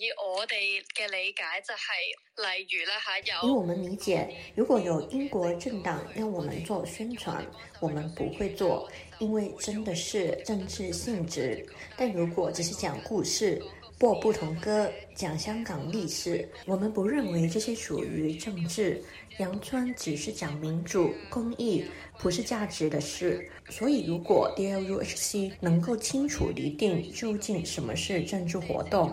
以我哋嘅理解就係，例如啦。吓，有。以我們理解，如果有英國政黨要我們做宣傳，我們不會做，因為真的是政治性質。但如果只是講故事，播不同歌，講香港歷史，我們不認為這些屬於政治。楊村只是講民主、公益、普世價值的事。所以如果 D L U H C 能夠清楚厘定究竟什麼是政治活動。